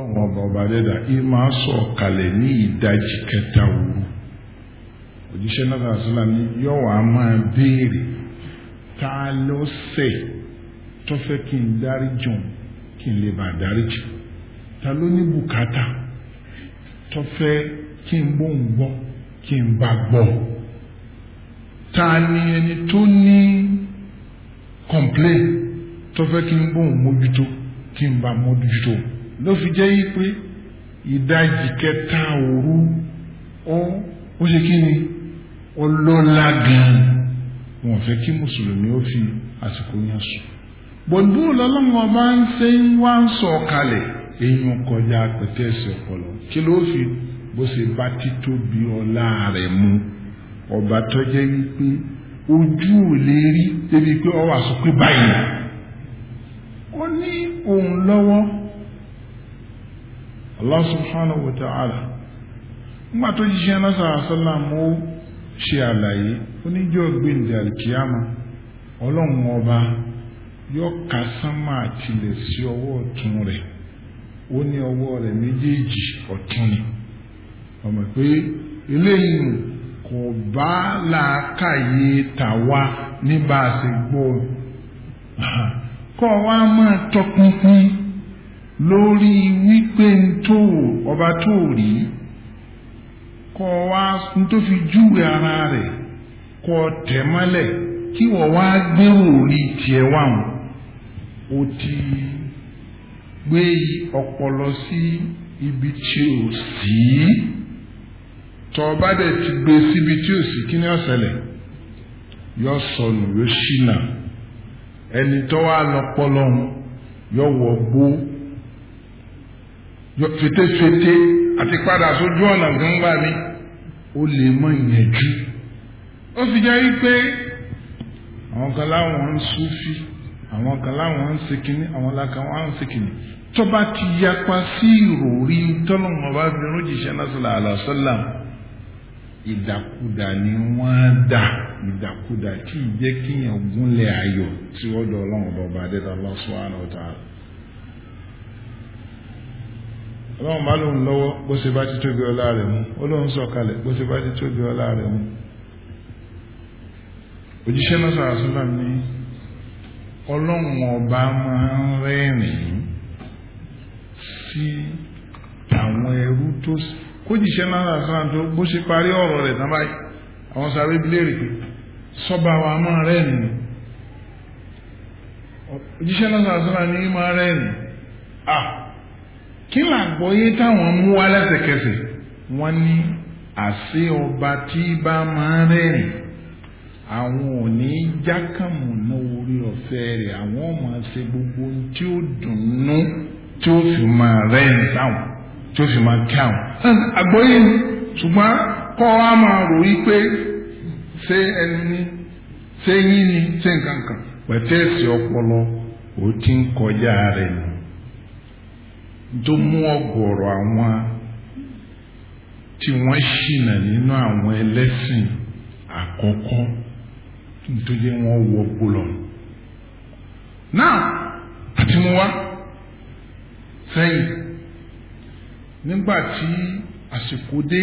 ọlọ́run ọba ọba dẹ́dà yìí máa sọ kalẹ̀ ní ìdajì kẹta òru òjíṣẹ́ náà sọ́la ní yọ̀wọ̀ a máa béèrè ta ló ṣẹ̀ tó fẹ́ kí n dárí jùn kí n lè bá dárí jù ta ló ní bùkátà tó fẹ́ kí n bó gbọ́ kí n bá gbọ́ ta ni ẹni tó ní complain tó fẹ́ kí n bó mójútó kí n bá mójútó ló fi jẹ́ yí pé ìdajì kẹta òru ó ṣe kí ni ọlọ́lá gan-an wọn fẹ́ kí mùsùlùmí ó fi àsìkò yẹn sùn. bọ̀dú lọ́lọ́mọ bá ń ṣe ń wá ń sọ kalẹ̀ eyín kọjá pẹ̀tẹ́sì ọpọlọ kí ló fi bó ṣe bá títóbi ọlá rẹ̀ mu ọba tọ́jẹ́ wípé ojú ò lè rí débi pé ọwọ́ àsopé báyìí ó ní òun lọ́wọ́ Allah subhanahu wa ta'ala nígbà tó jíṣẹ́ lásàá sálàmù ó ṣe àlàyé oníjọ́ gbèǹdé àlìkíyàmà ọlọ́run ọba yóò ka sánmà àtìlẹ̀ sí ọwọ́ ọ̀tún rẹ̀ ó ní ọwọ́ rẹ̀ méjèèjì ọ̀tún ni ọmọ pé eléyìí kò bá la tàwa wa lórí wípé ntó ọba tó rí kọ́ wá ntó fi júwe ara rẹ̀ kọ́ tẹ̀ mọ́lẹ̀ kí wọ́n wá gbérò orí tiẹ̀ wáhùn ó ti gbé ọpọlọ sí ibi tí ò sí tọ́ ọba dẹ̀ ti gbé síbi tí ò sí kí ni ó ṣẹlẹ̀ yọ sọnù yóò ṣìnà ẹni tó wá lọ́pọlọ yọ wọ gbó. fetefete àti padà sójú ọ̀nà gbangba mi ó lè mọ ìyẹn jù ó fi jẹ́ wípé àwọn kan láwọn ń súfì àwọn kan láwọn ń sekìní àwọn kan láwọn ń sekìní tó bá ti yapa sí ìròrí tọ́nà ọba bínú jíṣẹ́ náà sọ̀rọ̀ àlàsọ́là ìdàkudà ni wọ́n dà ìdàkudà tí ì jẹ́ kíyàn gúnlẹ̀ ayọ̀ tí wọ́n dọ̀ ọlọ́run ọba adẹ́dàá lọ́sọ̀ọ́ àná ọlọ́run bá lóun lọ́wọ́ bó ṣe bá ti tóbi ọlá rẹ̀ mú ó lóun sọ̀kalẹ̀ bó ṣe bá ti tóbi ọlá rẹ̀ mú òjíṣẹ́ náà sọ̀rọ̀ sọ́lá ní ọlọ́run ọba máa ń rẹ́rìn-ín sí àwọn ẹrú tó kójíṣẹ́ náà sọ̀rọ̀ sọ́lá tó bó ṣe parí ọ̀rọ̀ rẹ̀ tán báyìí àwọn sáré bílẹ̀rì pé sọ́ba wa máa rẹ́rìn-ín òjíṣẹ́ náà sọ̀rọ̀ sọ́lá ní máa rẹ́rìn-ín ah! kí làgbọ́yé táwọn mú wá lẹ́sẹ̀kẹsẹ̀ wọ́n ní àṣé ọba tí bá máa rẹ́rìn àwọn ò ní jákàmùnú orí ọ̀fẹ́ rẹ̀ àwọn ò máa ṣe gbogbo ohun tí ó dùnnú tí ó fi máa rẹ́rìn sáwọn tí ó fi máa kí àwọn. àgbọ́yé ni ṣùgbọ́n kọ́ wa máa rò yí pé ṣé ẹni ní ṣé yín ni ṣé nǹkan kan pẹ̀tẹ́ẹ̀sì ọpọlọ ò ti ń kọjá rẹ̀ ni. tó mú ọ̀gọ̀rọ̀ àwọn tí wọ́n ṣìnà nínú àwọn ẹlẹ́sìn àkọ́kọ́ tó wọn wọ́n wọ gbólọ náà àti mú wá sẹ́yìn nígbà tí àsìkò dé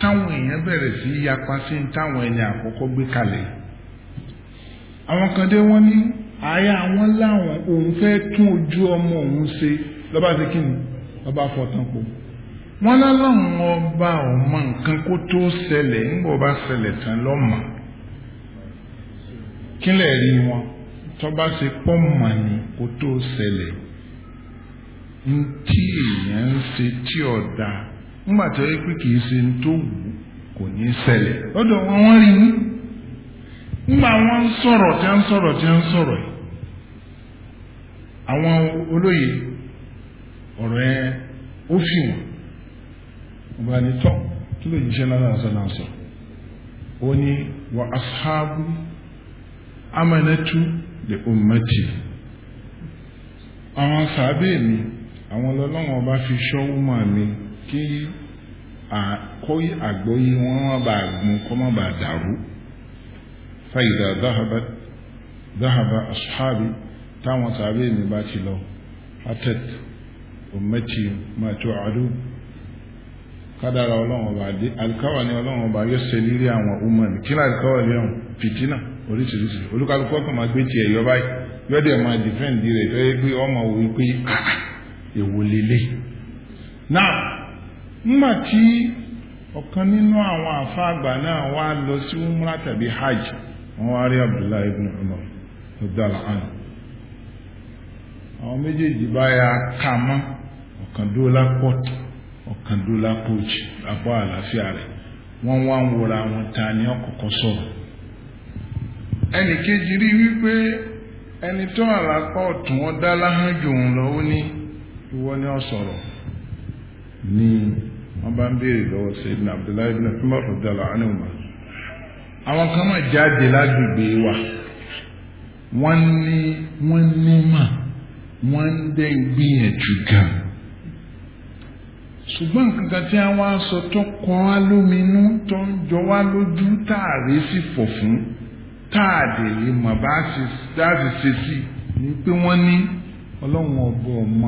táwọn èèyàn bẹ̀rẹ̀ sí yapa sí táwọn ẹni àkọ́kọ́ gbé kalẹ̀ àwọn kan dé wọ́n ní àyà wọn láwọn òun fẹ́ tún ojú ọmọ òun ṣe lọ́ba ṣe kí ni lọ́ba po wọ́n ọba nǹkan kó tó ṣẹlẹ̀ nígbà ọba ṣẹlẹ̀ tán rí wọn tọ́ba ṣe pọ́ kó tó ṣẹlẹ̀ èèyàn ń ṣe tí ọ̀dà kì í kò ní ṣẹlẹ̀ ọ̀rọ̀ ẹ ó fi wọ́n ọba ní tọ́ kí ló ń ṣe lára àṣà náà sọ ó ní wa ashabu amanatu li ummati àwọn sàábẹ̀ mi àwọn ọlọ́run ọba fi ṣọ́wọ́ mọ́ mi kí kó àgbọ́yé wọn má bàa gun kó má bàa dàrú fàyìdà dáhàbà ashabi táwọn sàábẹ̀ mi bá ti lọ atẹ́tù. ummati ma tu'adu kadara ọlọ́run ọba dé alikawa ni ọlọ́run ọba yóò ṣe àwọn ọmọ mi kí ni àlùkáwà ni ọ̀hún fìtínà oríṣiríṣi olúkálukú ọkàn máa gbé tiẹ̀ yọ báyìí máa dìfẹ́ǹdì rẹ̀ tó pé ọmọ wò pé ah, èwo lélẹ̀. náà nígbà tí ọ̀kan nínú àwọn àfáàgbà náà wá lọ sí umra tàbí hajj wọ́n wá rí abdullahi ibn umar abdullahi àwọn méjèèjì báyà kà ọ̀kan dúró lápọ̀ ọ̀kan dúró lápò abọ́ àlàáfíà rẹ̀ wọ́n wá ń ta ni ọ̀kọ̀ọ̀kan sọ̀rọ̀ ẹnì kejì rí wípé ẹni tó wà ọ̀tún wọn dá láhán òun lọ ní ìwọ ni ọ sọ̀rọ̀ ni wọ́n bá ń béèrè Abdullahi ibn àwọn kan jáde lágbègbè wa wọ́n ní wọ́n ní mà wọ́n ń ṣùgbọ́n nǹkan tí àwọn aṣọ tó kọ́ wá lóminú tó ń jọ wá lójú táàrí sì fọ̀ fún táàdì rí mọ̀ bá sì ṣe sí ni pé wọ́n ní ọlọ́run ọ̀bọ ọmọ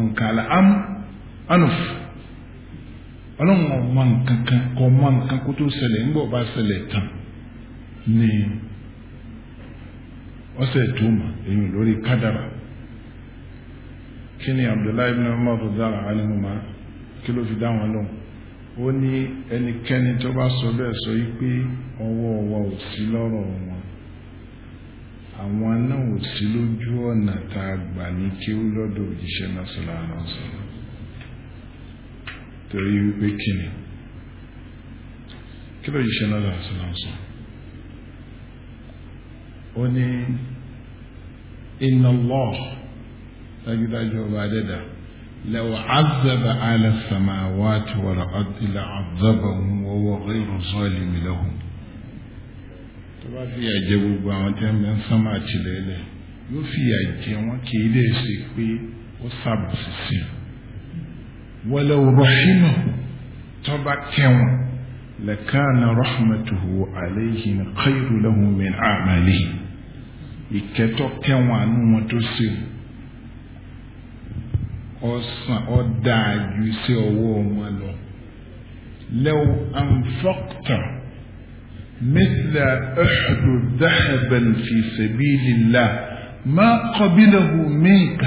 ọlọ́run ọmọ kan kọ ọmọ nǹkan kó tó ṣẹlẹ̀ nígbà ni tó èyí lórí kádàrà kí ni Abdullahi ibn kí ló fi dá wọn lóhùn ó ní ẹnikẹ́ni tó bá sọ bẹ́ẹ̀ sọ yí pé ọwọ́ wa ò sí lọ́rọ̀ wọn àwọn náà ò sí lójú ọ̀nà tá a gbà ní kí ó lọ́dọ̀ òjíṣẹ́ náà sọ̀rọ̀ àná sọ̀rọ̀ torí wípé kí kí ló yíṣẹ́ náà sọ̀rọ̀ sọ̀rọ̀ ó ní inna Allah dájúdájú ọba adẹ́dàá. لو عذب على السماوات والأرض لعذبهم وهو غير ظالم لهم tọ́ba fi yà jẹ gbogbo àwọn tí wọ́n ń sánmà tìlẹ́lẹ̀ yóò fi yà jẹ wọn kì í lè ṣe pé ó sàbòsí sí i wọlé rọ́ṣínà tọ́ba tẹ̀wọ̀n lẹ́kànnà rahmatuhu aleyhi khayru lahu min amali ìkẹtọ́ tẹ̀wọ̀n àánú wọn tó ṣe o. ọ̀sán ọ̀dà ju sí لو أنفقت مثل أحد ذهبا في سبيل الله ما قبله منك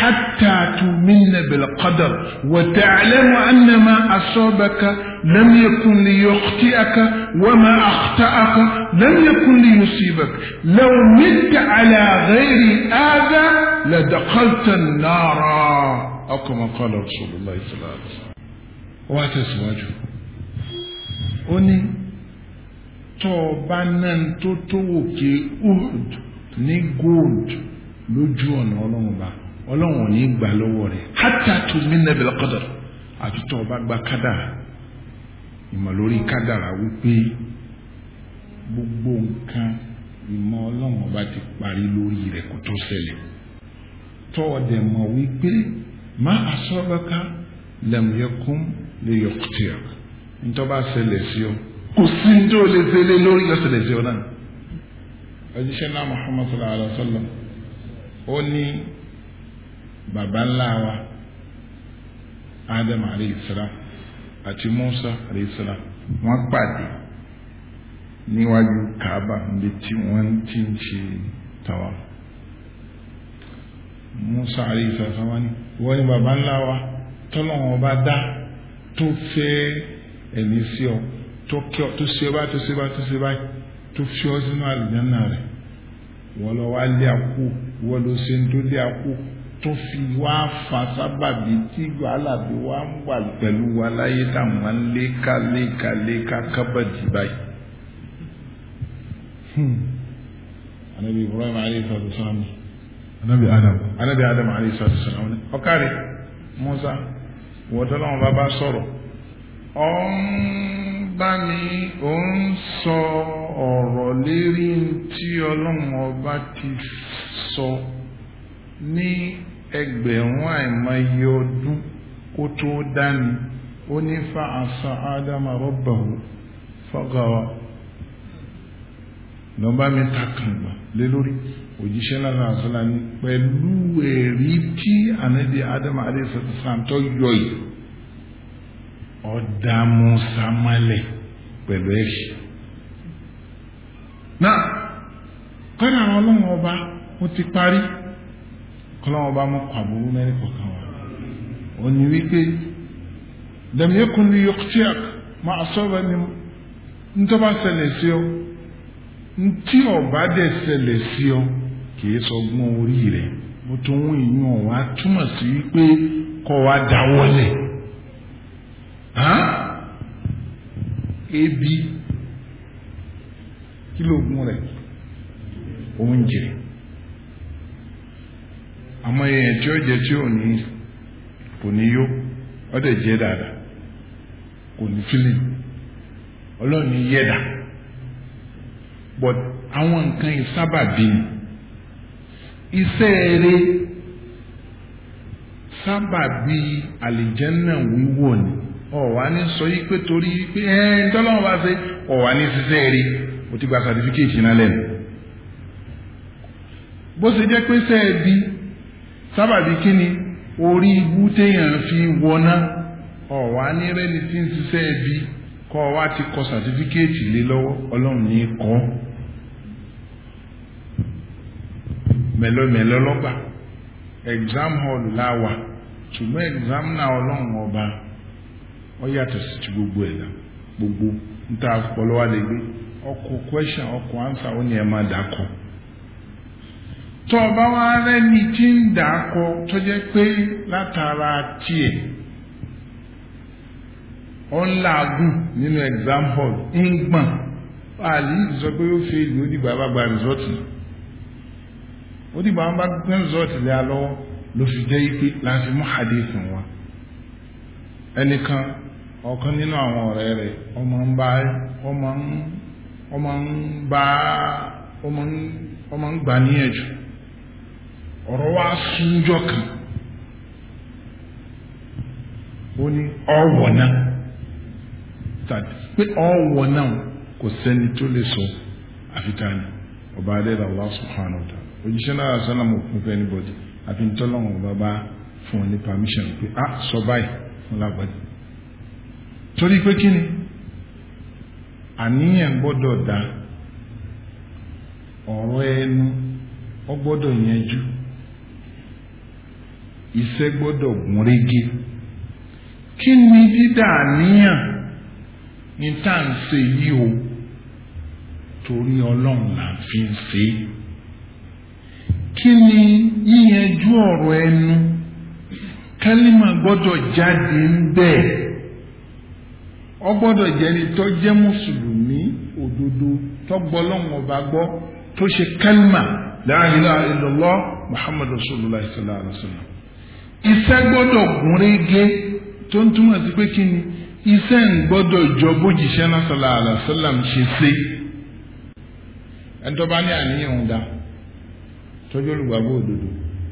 حتى تؤمن بالقدر وتعلم أن ما أصابك لم يكن ليخطئك وما أخطأك لم يكن ليصيبك لو مت على غير هذا لدخلت النار ọkọ̀mọ̀ kọ́lá Rasulullah sallallahu alaihi wasallam ó wá tẹ̀síwájú ó ní tó o bá náà tó tó òkè Uhud ní gold lójú ọ̀nà ọlọ́run bá ọlọ́run ò ní gbà lọ́wọ́ rẹ̀ hatta tu'mina bil qadar àti tó o bá gba kádàrà ìmọ̀ lórí kádàrà wípé gbogbo nǹkan ìmọ̀ ọlọ́run ọba ti parí lórí rẹ̀ kó tó ṣẹlẹ̀ tọ́ ọ dẹ̀ mọ̀ wípé má asọ́bàká lẹ́mùyẹ́kún lè yọkùtì ọ̀ nítorí bá ṣẹlẹ̀ sí ọ kò sí ní tó lè ṣẹlẹ̀ lórí yọ ṣẹlẹ̀ sí ọ náà. ọjíṣẹ́ náà Muhammad sallallahu alayhi wa sallam ó ní bàbá wa Adam alayhi salam àti Musa alayhi salam wọ́n pàdé níwájú Kaaba níbi tí wọ́n ti ń ṣe tàwa musa alayhi sallam wá ní ìwọ ni bàbá ńlá wa tọ́lọ́wọ́n ọba dá tó fẹ́ ẹ̀mí sí ọ tó kí ọ tó ṣe bá tó ṣe bá tó ṣe báyìí tó fi ọ sínú àlùjáná rẹ̀ wọ́n lọ wá lé àkú wọ́n lọ ṣe ń tó lé àkú tó fi wá fa sábàbí tí wàhálà bí wá ń wà pẹ̀lú wa láyé táwọn léka léka léka kábàdì báyìí. Hmm. Ànábì Ibrahim alayhi salatu wa anabi adam anabi adam alayhi salatu wa salam ọkàrí musa wọ́tọ́lọ́wọ́n bá bá sọ̀rọ̀ ọ̀n bá mi ò ń sọ ọ̀rọ̀ lérí tí ọlọ́run ọba ti sọ ní ẹgbẹ̀rún àìmọye kó tó dání ó ní fa àṣà ádámà lọ́ba mẹ́ta kan gbà lé lórí òjíṣẹ́ lára àṣọlá ni pẹ̀lú ẹ̀rí tí ànábì ádámù adéṣẹ́tì sàǹtọ́ yọ yìí ọ̀dà musa malẹ̀ pẹ̀lú ẹ̀rí. náà kọ́ni àwọn ọlọ́run ọba ó ti parí kọ́lọ́run ọba mọ́ kọ́ àbúrú mẹ́rin kọ̀ọ̀kan wa ó ní wípé dàmíyẹ́kùn ni yọkùtíyàk máa sọ̀rọ̀ ni ntọ́ bá sí ọ. ntí ọba dẹ̀ ṣẹlẹ̀ sí ọ kìí sọgbọ́n orí rẹ̀ mo tún ń ìyún ọ̀wá túmọ̀ sí wípé kọ́ wa ebi kí lóògùn rẹ̀ oúnjẹ èèyàn tí ó jẹ tí ò ní kò ní yó jẹ dáadáa kò ní ní but àwọn nǹkan yìí sábàbí ni iṣẹ́ eré sábàbí àlìjẹ́nà wíwò ni ọ̀wá ní sọ yí pé torí pé ẹ̀ tọ́lọ́wọ́n bá ṣe ọ̀wá ní ṣiṣẹ́ eré mo ti gba certificate náà lẹ́nu bó ṣe jẹ́ pé sẹ́ẹ̀bi sábàbí kí ni orí ibú téèyàn fi wọná ọ̀wá ní rẹ́ni tí ń ṣiṣẹ́ ẹbí kọ́ ọ wá ti kọ sàtífíkẹ́ẹ̀tì lé lọ́wọ́ ọlọ́run ní kọ́ ọ́. mélòmélò ló gbà exam hall lawa wà exam náà ọba ọ yàtọ̀ sí ti gbogbo ẹ̀ la gbogbo níta ọpọlọwà lè gbé ọkọ̀ question ọkọ̀ answer ó ní ẹ̀ máa dàkọ tó o bá wá rẹ́ni hall ń àlè pé ó ìlú ó dìgbà bá gba ó dìgbà wọn bá gbé rìsọ́ọ̀tì lé a lọ́wọ́ ló fi jẹ́ ipe láti mú hadith wọn ẹnìkan ọ̀kan nínú àwọn ọmọ ń bá ọmọ ń ọmọ ń bá ọmọ ń ọmọ ń gbà níyànjú ọ̀rọ̀ wa kan ó ní náà tàbí pé náà kò tó lè sọ ọba adéla Allah subhanahu wa òjíṣẹ́ náà sálàmù òfin fún anybody àfi ń tọ́lọ́wọ̀n bàbá fún ní permission pé a ah, sọ báyìí fún lágbàdì torí pé kí ni àníyàn gbọ́dọ̀ dá ọ̀rọ̀ ẹnu ọ gbọ́dọ̀ yanjú iṣẹ́ gbọ́dọ̀ gún régé kí ni dídá àníyàn ní tá à ń ṣe yìí o torí ọlọ́run là ń fi ń ṣe é. kí ni yíyanjú ọ̀rọ̀ ẹnu kálímà gbọ́dọ̀ jáde ń ọ gbọ́dọ̀ jẹni tó jẹ́ mùsùlùmí òdodo tó gbọ́ tó ṣe kálímà muhammadu iṣẹ́ gbọ́dọ̀ gún régé tó ń túmọ̀ sí pé kí ni iṣẹ́ ń gbọ́dọ̀ jọ bójìṣẹ́ náà ṣe ṣe tọ́jú olùgbàgbọ́ òdodo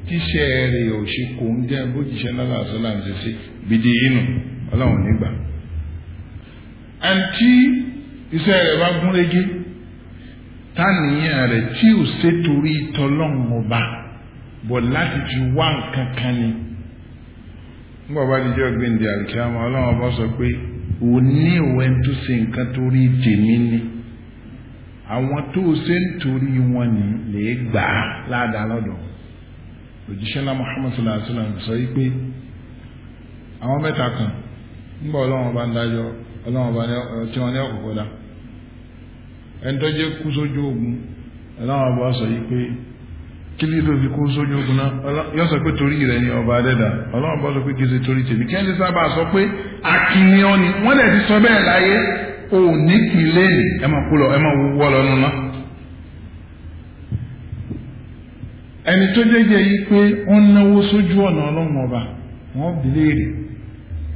tíṣẹ́ rẹ̀ ò ṣe kò ń jẹ́ bó jíṣẹ́ lọ́la sọ́la ń ṣe sí inú ọlọ́run nígbà àǹtí iṣẹ́ rẹ̀ bá gún régé táníyàn tí ò ṣètòrí tọlọ́run ọba bọ̀ láti fi wá nǹkan kan ni bá ọlọ́run ọba sọ pé tó ṣe nǹkan torí tèmi ni. àwọn tó o ṣe ń torí wọn ní lè gbà á ládàá lọ́dọ̀ òjíṣẹ́ náà Muhammad sallallahu alaihi wa sallam sọ wípé àwọn mẹ́ta kan nígbà ọlọ́wọ́n bá ń dájọ́ ọlọ́wọ́n bá tí wọ́n ní ọ̀kọ̀kọ̀ dá ẹni tó jẹ́ kú sójú ogun ọlọ́wọ́n bá sọ wípé kí ni ló fi kú sójú ogun náà yọ sọ pé torí rẹ ni ọba adẹ́dà ọlọ́wọ́n bá sọ pé kí torí tèmi kí sábà sọ pé akínyàn ni wọ́n dẹ̀ ti sọ bẹ́ẹ̀ láyé o ní kí ẹ máa kú lọ ẹ máa lọ nínú. ẹni tó jẹ́jẹ́ yìí pé wọ́n náwó sójú ọ̀nà ọlọ́run ọba wọ́n bìlérì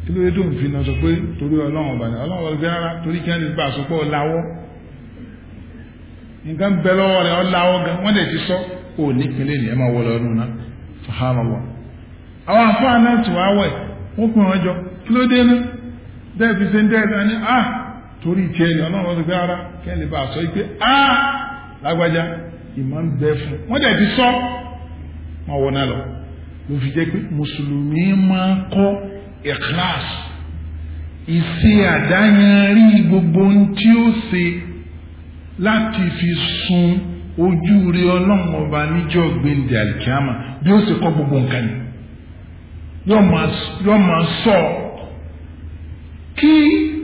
kí ló dé tó ń fi náà sọ pé torí ọlọ́run wọ́n sọ ọ nǹkan bẹ lọ́wọ́ ọ gan wọ́n lè ti sọ ní kí ah, torí tiẹ̀ ni ọlọ́run wọn sọ pé ara kẹ́lẹ́ bá a sọ pé a lágbájá ìmọ̀ ń bẹ fún un wọ́n dẹ̀ ti sọ wọn wọ náà lọ ló fi jẹ́ pé mùsùlùmí máa ń kọ́ ikhlas ìṣe àdáyanrí gbogbo ohun tí ó ṣe láti fi sun ojú rí ọlọ́run ọba níjọ́ gbẹ̀ndẹ̀ àlìkíámà bí ó ṣe kọ́ gbogbo nǹkan ni yóò máa sọ kí.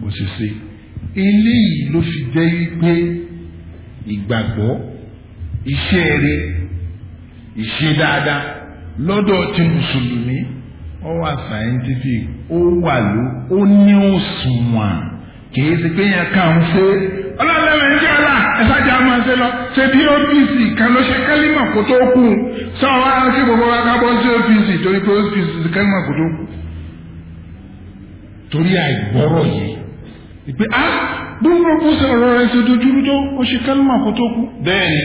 bó ṣe ṣe eléyìí ló fi jẹ́ wípé ìgbàgbọ́ iṣẹ́ rẹ ìṣe dáadáa lọ́dọ̀ ti mùsùlùmí ó wà scientific ó wà ló ó ní òṣùwọ̀n kìí ṣe pé yẹn kàn ń ṣe ọlọ́lẹ́rìn ń jẹ́ra ẹ̀sájà máa ṣe lọ ṣe bí OPC kan ló ṣe kálímà kó tó kù sọ wá sí gbogbo wa ká bọ́ sí OPC torí pé OPC kálímà kó tó kù torí àìgbọ́rọ̀ yìí ìpè á ah, bí wọ́n kó sọ ọ̀rọ̀ rẹ̀ sí dojúrú tó ó ṣe kálímà kó tó kú. bẹ́ẹ̀ni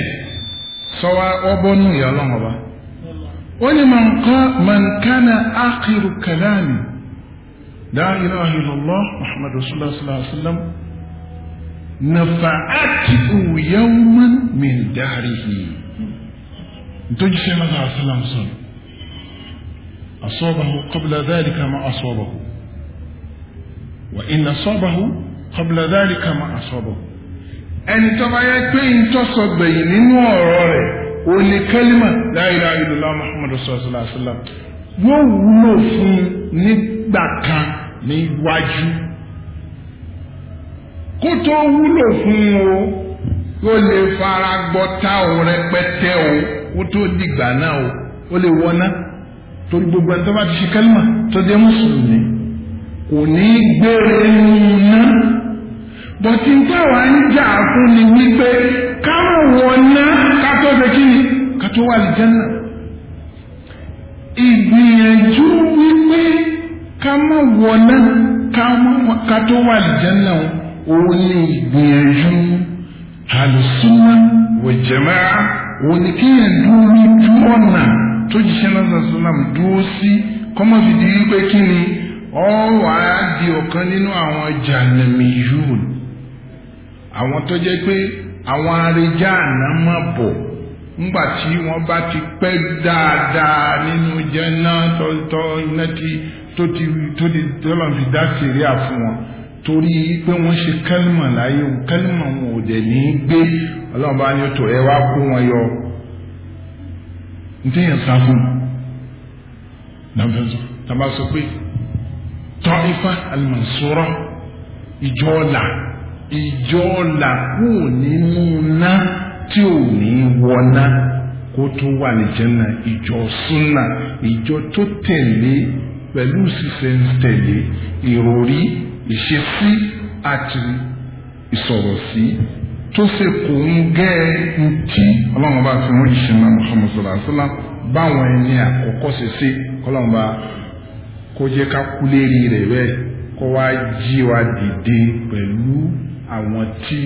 sọwa ọbọnú ìyá ọlọ́run ọba ó ní man kana akhiru kalami la ilaha illallah muhammadu sallallahu alaihi wa sallam nafa'atu yawman min dahrihi nítorí sẹ́yìn náà sàlám sọ̀rọ̀ asọ́bàhu qabla dhalika ma asọ́bàhu wa in asọ́bàhu kọ̀bùlà dáàrí ká máa sọ̀bọ̀. ẹni tó bá yẹ pé ìtọ́sọ gbẹ̀yìn nínú ọ̀rọ̀ rẹ̀ ò ní kẹ́límà la ilaha illallah muhammadu sallallahu alaihi wasallam yóò wúlò fún nígbà kan níwájú kó tó wúlò fún o kó lè fara gbọ́ta o rẹpẹtẹ o kó tó dìgbà náà o ó lè wọná torí gbogbo ẹni tó bá ti ṣe kẹ́límà tó dé mùsùlùmí kò ní gbére nínú náà bọ̀tí táwa ń jà fún ni wípé káwọn wọná kátó ṣe kí ni kátó wà lè jẹ́nà ìgbìyànjú wípé káwọn wọná kátó wà lè jẹ́nà òun ni ìgbìyànjú àlùsúnmọ́ wòjẹ̀mọ́ òun ni kíyàn dúró ju ọ̀nà tó jíṣẹ́ náà sàṣọ́nà dúró sí kọ́mọ́ fìdí wípé kí ni ọ̀wá di ọ̀kan nínú àwọn jàǹdàmì yìí àwọn tó jẹ́ pé àwọn arìjà àná mọ̀ bọ̀ ńgbà tí wọ́n bá ti pẹ́ dáadáa nínú jẹ́nà tọ́tọ́ iná tí fún wọn torí pé wọ́n ṣe kálímà láyé wọn kálímà wọn ò dẹ̀ ní í gbé ọlọ́run bá ní wọn yọ ntẹ́yìn sá fún tàbá sọ pé tọ́ ifá ìjọ làkúù nínú ná tí ò ní wọná kó tó wà ní Jánnà ìjọ súnà ìjọ tó tẹ̀lé pẹ̀lú ṣiṣẹ́ ń tẹ̀lé ìròrí ìṣesí àti ìsọ̀rọ̀ sí tó ṣe kò ń gẹ́ ẹ ntí ọlọ́run bá fi wọ́n jìṣẹ́ náà Muhammad sallallahu alaihi wasallam báwọn ẹni àkọ́kọ́ ṣe ṣe ọlọ́run bá kó jẹ́ ká kú lérí rẹ̀ bẹ́ẹ̀ kó wá jí wa dìde pẹ̀lú àwọn tí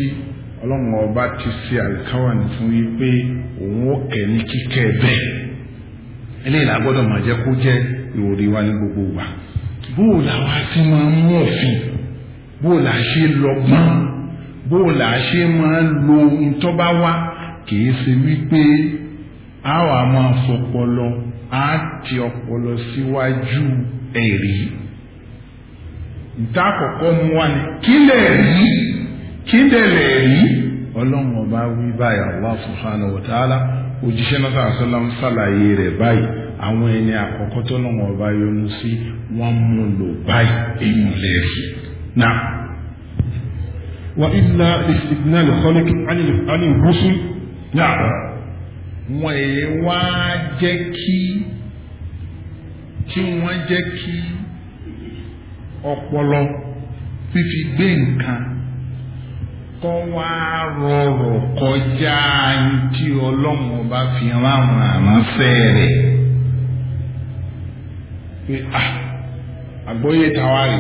ọlọ́run ọba ti ṣe àlùkáwàní fún yí pé òun ó kẹ́ ní kíkẹ́ bẹ́ẹ̀ eléyìí la gbọ́dọ̀ máa jẹ́ kó jẹ́ ìròrí wa ní gbogbo wa bó o là máa mú òfin bó o là ṣe lọ́gbọ́n bó o là ṣe máa lo ntọ́ba wa kì í ṣe wípé a wà máa fọpọlọ a ti ọpọlọ síwájú ẹ̀rí ìta àkọ́kọ́ mu wa ni kílẹ̀ rí ọlọ́run ọba wí báyìí allah subhanahu wa ta'ala òjíṣẹ́ náà sàlám sàlàyé rẹ̀ báyìí àwọn ẹni àkọ́kọ́ tó lọ́wọ́ ọba yọ́nú sí wọ́n mú lò báyìí èèyàn lẹ́rìí náà. wà ilà ìsìnkú lọ́lẹ́kì alẹ́ ìbùsùn náà wọ́n èé wá jẹ́ kí kí wọ́n jẹ́ kí ọpọlọ fífi gbé nǹkan kọ́ wá rọrọ̀ kọjá tí ọlọ́run bá fi ráwọn àránṣẹ́ rẹ̀ pé àgbóyè tàwa rè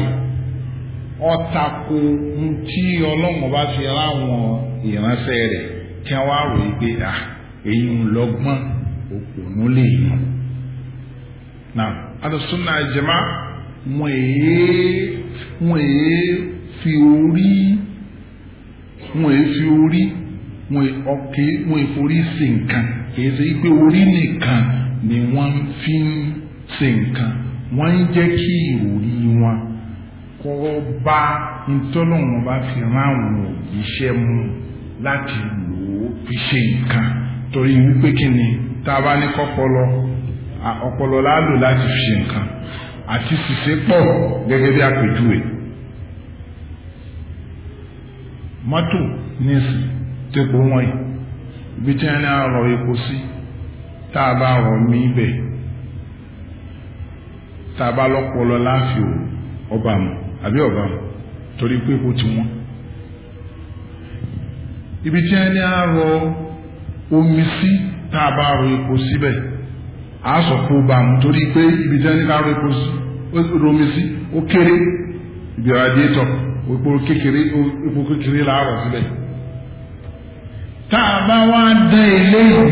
ọ̀tako tí bá fi ráwọn ìránṣẹ́ rẹ̀ kí wá rò yí pé à lọ́gbọ́n òpònú lè yàn. wọn è fi orí wọn è forí ṣe nǹkan kìí ṣe pé orí nìkan ni wọ́n fi ń ṣe nǹkan wọ́n ń jẹ́ kí ìròrí wọn kọ́ bá ntọ́lọ́wọ́n bá fi ráwọn òjíṣẹ́ mu láti lò ó fi ṣe nǹkan torí wípé kí ni tá a bá ní kọ́pọlọ ọpọlọ láàlò láti fi ṣe nǹkan àti ṣìṣe pọ̀ gẹ́gẹ́ bí àpèjúwe. Mato nísì tẹ́pọ̀ wọ́n yìí ibi tí wọ́n náà rọ epo sí tá a bá rọ mí bẹ̀ tá a ọba mu àbí ọba mu torí pé epo ti wọ́n ibi tí wọ́n náà rọ omi sí tá a bá rọ epo síbẹ̀ a sọ mu torí pé ibi tí wọ́n náà rọ epo sí omi sí ó kéré epo kékeré epo kékeré la rọ̀ síbẹ̀ tá a bá wá dá ilé ìlú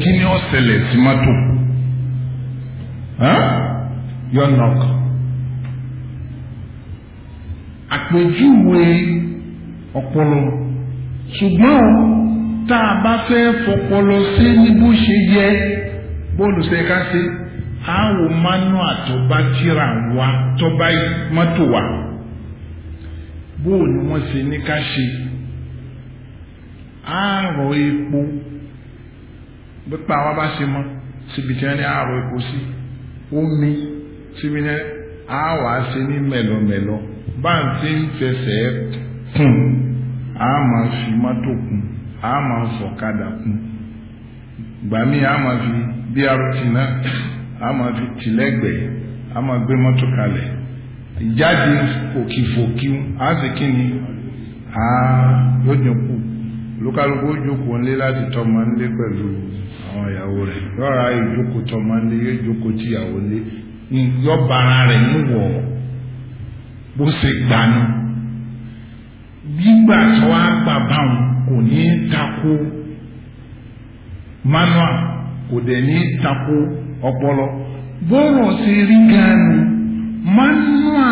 kí ni ó ṣẹlẹ̀ sí mọ́tò yọ knock àpèjúwe ọpọlọ ṣùgbọ́n tá a bá fẹ́ fọpọlọ sí ní bó ṣe yẹ bóòlù ṣe ká ṣe àwò mánú àtọ́bá tíra wa tọ́bá mọ́tò wa bóò ni wọ́n ṣe ní ká ṣe àárọ̀ epo pípa àwọn bá ṣe mọ́ síbi tí wọ́n ní àárọ̀ epo sí omi síbi ní àwọ̀ á ṣe ní mẹ̀lọ̀mẹ̀lọ̀ bá ń ti ń fẹsẹ̀ kùn á máa fi mọ́tò kùn á máa fọ̀kadà kùn gbàmí á máa fi brt náà á máa fi tìlẹ́gbẹ̀ẹ́ á máa gbé mọ́tò kalẹ̀ ìjáde òkìfòkì á sì kí ni ààyójúkù olúkálùkù òjòkù ńlé láti tọmọ ńlé pẹ̀lú àwọn ìyàwó rẹ̀ lọ́ra ìjókòó tọmọ ńlé ìjókòó tí ìyàwó lé yọbara rẹ̀ níwọ̀ bó ṣe gbanú gbígbà tó wá gbà báwọn kò ní tako manual kò dẹ̀ ní tako ọpọlọ bọ́rọ̀ ṣe rí gánu manua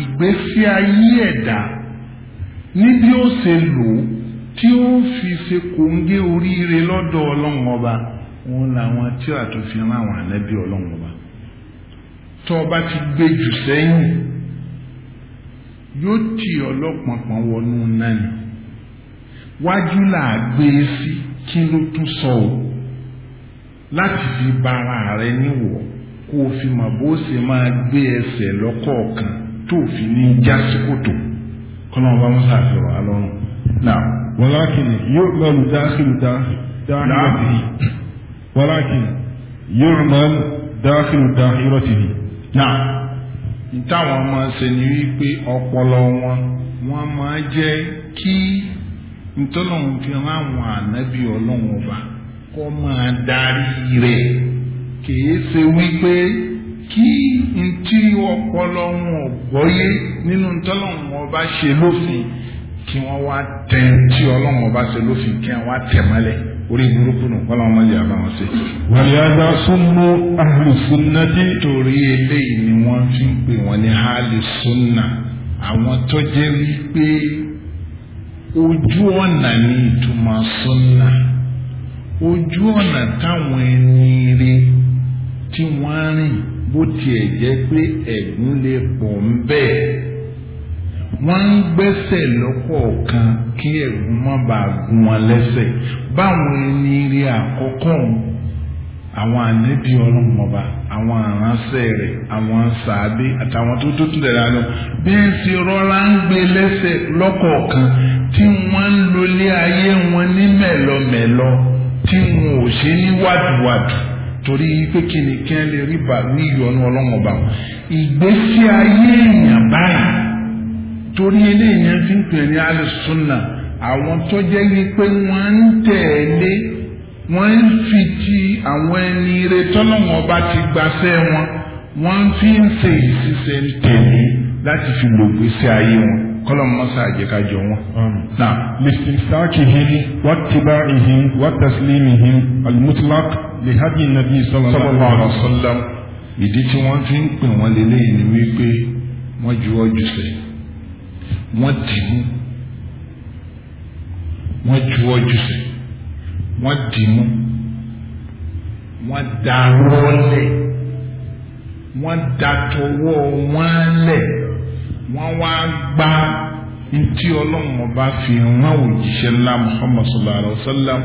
ìgbésí ayé ẹ̀dá ní bí ó ṣe lò ó tí ó fi ṣe kòńgé oríire lọ́dọ̀ ọlọ́run ọba òun làwọn tí ó àtúnfi ran àwọn ànábì ọlọ́run ọba tó ọba ti gbé jù sẹ́yìn yóò tì ọlọ́pọ̀npọ̀n wọnú náà ni wájú là á gbé sí kí ló tún sọ o láti fi bara rẹ níwọ̀ọ́. kó o fi mà bó ṣe máa gbé ẹsẹ̀ lọ́kọ̀ọ̀kan tó o fi ní jásíkòtò kọ́lọ́mù bá musa náà wàlákìnì yóò mẹ́lu dáhìlù dáhìrọ̀tìhì wàlákìnì yóò mẹ́lu dáhìlù dáhìrọ̀tìhì. náà ìtàwọn máa ṣe ni wípé ọpọlọ wọn wọn máa jẹ́ kí ntọ́lọ́hún fi àwọn ànábì ọba kọ́ máa darí rẹ̀. kìí ṣe wípé kí n tí ọpọlọ wọn ò gbọ́yé nínú tọ́lọ́run ọba ṣe lófin kí wọ́n wá tẹ tí ọlọ́run ọba ṣe lófin kí wọ́n wá tẹ̀ mọ́lẹ̀ orí burúkú nù kọ́lá wọn lè àbá ṣe. wàlíàdá súnmọ́ àlùsúnnàtì. torí eléyìí ni wọ́n fi ń pè wọ́n ní àlùsúnnà àwọn tó jẹ́ wípé ojú ọ̀nà ni ìtumọ̀ súnnà ojú ọ̀nà táwọn ẹni rí tí wọ́n rìn bó tiẹ̀ jẹ́ pé ẹ̀gún lè pọ̀ ń bẹ́ẹ̀ wọ́n ń gbẹ́sẹ̀ lọ́kọ̀ọ̀kan kí ẹ̀gún má bàa gún wọn lẹ́sẹ̀ báwọn ẹni rí àkọ́kọ́ àwọn ànẹ́bí ọlọ́run ọba àwọn àránṣẹ́ rẹ̀ àwọn sàádé àtàwọn tó tó tún lọ bí ń ṣe ń gbé lẹ́sẹ̀ lọ́kọ̀ọ̀kan tí wọ́n ń lolé ayé wọn ní mẹ̀lọmẹ̀lọ tí wọn ò ṣe ní wàdùwàdù torí pé kí ni kí ẹ lè rí bà ní ìyọnu ọlọ́run ìgbésí ayé èèyàn báyìí torí eléyìí fi ń pè ní alùsùnà àwọn tó jẹ́ wípé wọ́n ń tẹ̀lé wọ́n ń fi ti àwọn ẹni ire tọ́lọ́run ti gbaṣẹ́ wọn wọ́n fi ń ṣe ìṣiṣẹ́ ń tẹ̀lé láti fi lògbésí ayé wọn kọlọm masa àjẹká jọ wọn. na listimsaakihim wattibaihim wataslimihim almutlaq lihadi nabi sallallahu alaihi wa sallam ìdí tí wọ́n fi ń pè wọ́n lélẹ́yìn ni wípé wọ́n ju ọjọ́ sẹ́yìn wọ́n dìímú wọ́n ju ọjọ́ sẹ́yìn wọ́n dìímú wọ́n darọ́ lẹ̀ wọ́n datọwọ́ wọn lẹ̀. wọ́n wá gbá ntí fi hàn òjíṣẹ́ ńlá muhammad sallallahu alayhi wa sallam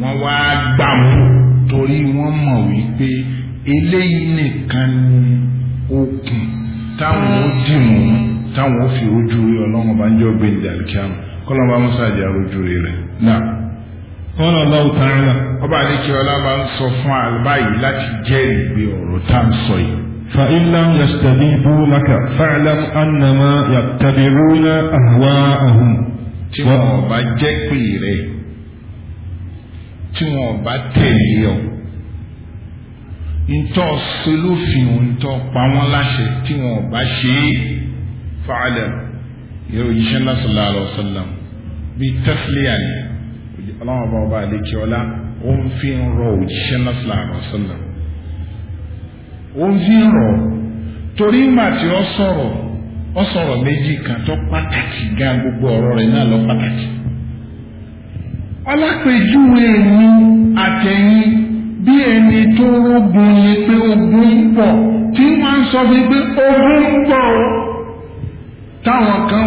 wọ́n wá gbà mú torí pe mọ̀ wípé eléyìí nìkan ni okùn táwọn ó dìmú táwọn fi ojú rí ọlọ́run ń jọ gbé musa jẹ́ ojú rí rẹ̀ náà. قال الله تعالى ọba àdékè ọlá sọ fún àlùbáyé láti tá à ń فإن لم يستجيبوا لك فاعلم أنما يتبعون أهواءهم tí wọn bá jẹ́ pé rẹ tí wọn bá tẹ̀lé ọ ntọ́ solófin ntọ́ pa wọ́n láṣẹ tí wọn bá ṣe é fàálẹ̀ yóò yíṣẹ́ ńlá fi ń rọ òjíṣẹ́ ńlá sọ̀lá àlọ́ sọ̀lá. ozi rọ torí ìgbà ọsọrọ ó sọ̀rọ̀ méjì kan tó pàtàkì gan gbogbo ọ̀rọ̀ rẹ̀ náà lọ pàtàkì. ọlápẹ̀júwe mi àtẹ̀yìn bí ẹni tó rógun pé ogun ń pọ̀ tí wọ́n ń sọ fún pé ogun ń kan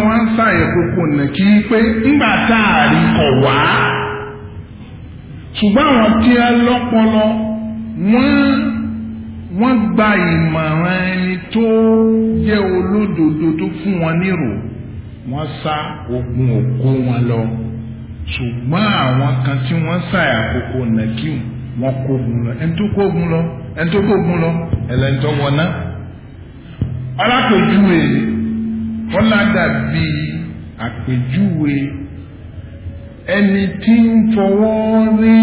wá ń nà kí pé ńgbà tá a rí kọ̀ wá wọ́n gba ìmọ̀ràn ẹni tó jẹ́ olódodo tó fún wọn nírò wọ́n sá ogun òkú wọn lọ ṣùgbọ́n àwọn kan tí wọ́n sá àkókò nàkíw wọ́n kógun lọ ẹni tó kógun lọ ẹni tó kógun lọ ẹlẹ́ni tó wọná. alápèjúwe wọ́n ládàbí àpèjúwe ẹni tí ń fọwọ́ rí.